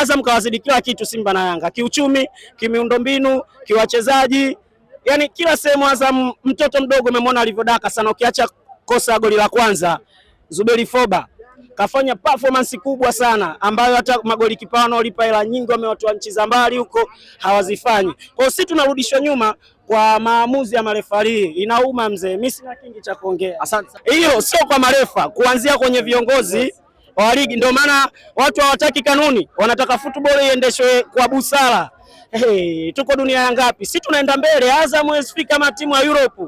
Azam kawazidi kila kitu Simba na Yanga, kiuchumi, kimiundombinu, kiwachezaji, yani kila sehemu. Azam mtoto mdogo umemwona alivyodaka sana, ukiacha kosa goli la kwanza Zuberi Foba kafanya performance kubwa sana ambayo hata magoli kipano walipa hela nyingi, wamewatoa nchi za mbali huko hawazifanyi. Kwa hiyo sisi tunarudishwa nyuma kwa maamuzi ya marefa. inauma mzee, mimi sina kingi cha kuongea. Asante. Hiyo sio kwa marefa, kuanzia kwenye viongozi yes wa ligi. Ndio maana watu hawataki kanuni, wanataka football iendeshwe kwa busara. Hey, tuko dunia ya ngapi? Si tunaenda mbele. Azam SC kama timu ya Europe,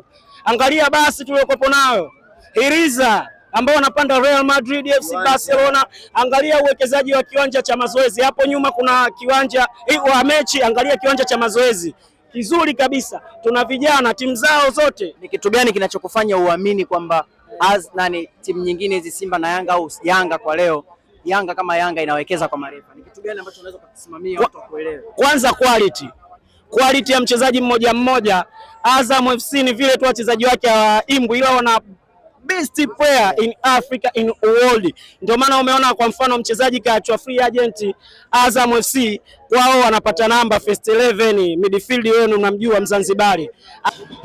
angalia basi tuliokopo nayo Iriza ambao wanapanda Real Madrid, FC Barcelona. Angalia uwekezaji wa kiwanja cha mazoezi hapo nyuma, kuna kiwanja wa mechi, angalia kiwanja cha mazoezi kizuri kabisa. Tuna vijana, timu zao zote. Ni kitu gani kinachokufanya uamini kwamba as nani timu nyingine hizi Simba na Yanga au Yanga kwa leo Yanga kama Yanga inawekeza kwa marefa, ni kitu gani ambacho unaweza kukisimamia watu kuelewa? Kwanza quality, quality ya mchezaji mmoja mmoja. Azam FC ni vile tu wachezaji wake hawaimbwi, ila wana best player in Africa in world. Ndio maana umeona kwa mfano mchezaji kaachwa free agent Azam FC, wao wanapata namba first 11. Midfield wenu mnamjua Mzanzibari. Aa,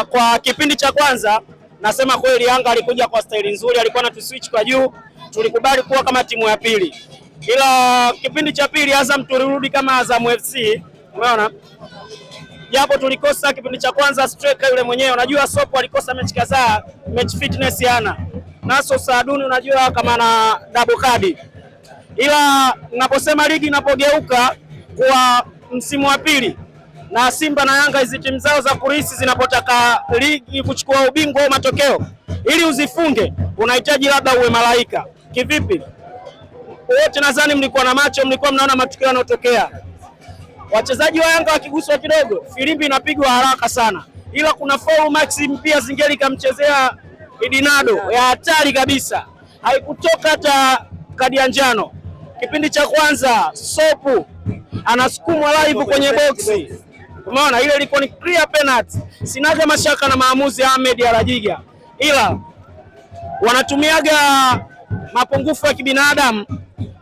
ah, kwa kipindi cha kwanza Nasema kweli, Yanga alikuja kwa staili nzuri, alikuwa na tuswitch kwa juu, tulikubali kuwa kama timu ya pili, ila kipindi cha pili Azam tulirudi kama Azam FC, umeona japo tulikosa kipindi cha kwanza striker yule mwenyewe, unajua Sopo alikosa mechi kadhaa, mechi fitness yana naso Saaduni, unajua kama na double card, ila naposema ligi inapogeuka kwa msimu wa pili na Simba na Yanga hizi timu zao za kurisi zinapotaka ligi kuchukua ubingwa au matokeo, ili uzifunge unahitaji labda uwe malaika. Kivipi? Wote nadhani mlikuwa na macho, mlikuwa mnaona matukio yanayotokea. Wachezaji wa Yanga wakiguswa kidogo, filimbi inapigwa haraka sana, ila kuna foul Max mpia zingeli kamchezea Idinado ya hatari kabisa, haikutoka hata kadi ya njano. Kipindi cha kwanza Sopu anasukumwa live kwenye boxi, Umeona, ile ilikuwa ni clear penalty. Sinaga mashaka na maamuzi ya Ahmed Arajiga, ila wanatumiaga mapungufu ya kibinadamu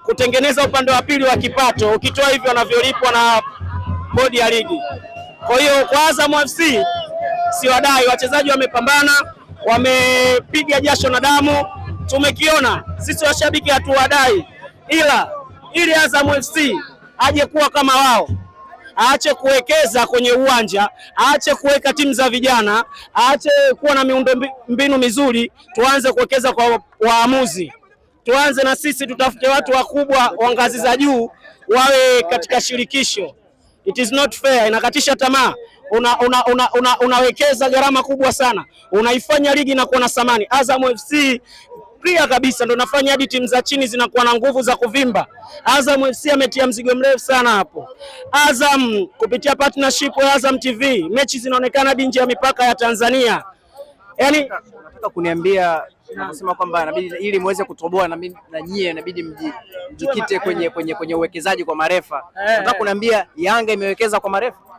kutengeneza upande wa pili wa kipato, ukitoa hivyo wanavyolipwa na bodi ya ligi. Kwa hiyo kwa Azam FC si wadai, wachezaji wamepambana, wamepiga jasho na damu, tumekiona sisi washabiki, hatuwadai, ila ili Azam FC aje kuwa kama wao aache kuwekeza kwenye uwanja, aache kuweka timu za vijana, aache kuwa na miundo mbinu mizuri, tuanze kuwekeza kwa waamuzi. Tuanze na sisi, tutafute watu wakubwa wa ngazi za juu wawe katika shirikisho. It is not fair, inakatisha tamaa. Unawekeza una, una, una, unawekeza gharama kubwa sana, unaifanya ligi inakuwa na thamani. Azam FC clear kabisa, ndo nafanya hadi timu za chini zinakuwa na nguvu za kuvimba. Azam FC ametia mzigo mrefu sana hapo. Azam kupitia partnership ya Azam TV mechi zinaonekana hadi nje ya mipaka ya Tanzania. Yaani nataka kuniambia nasema kwamba inabidi ili muweze kutoboa na na nyie inabidi mjikite kwenye, kwenye, kwenye uwekezaji kwa marefa. Eh. Nataka kuniambia Yanga imewekeza kwa marefa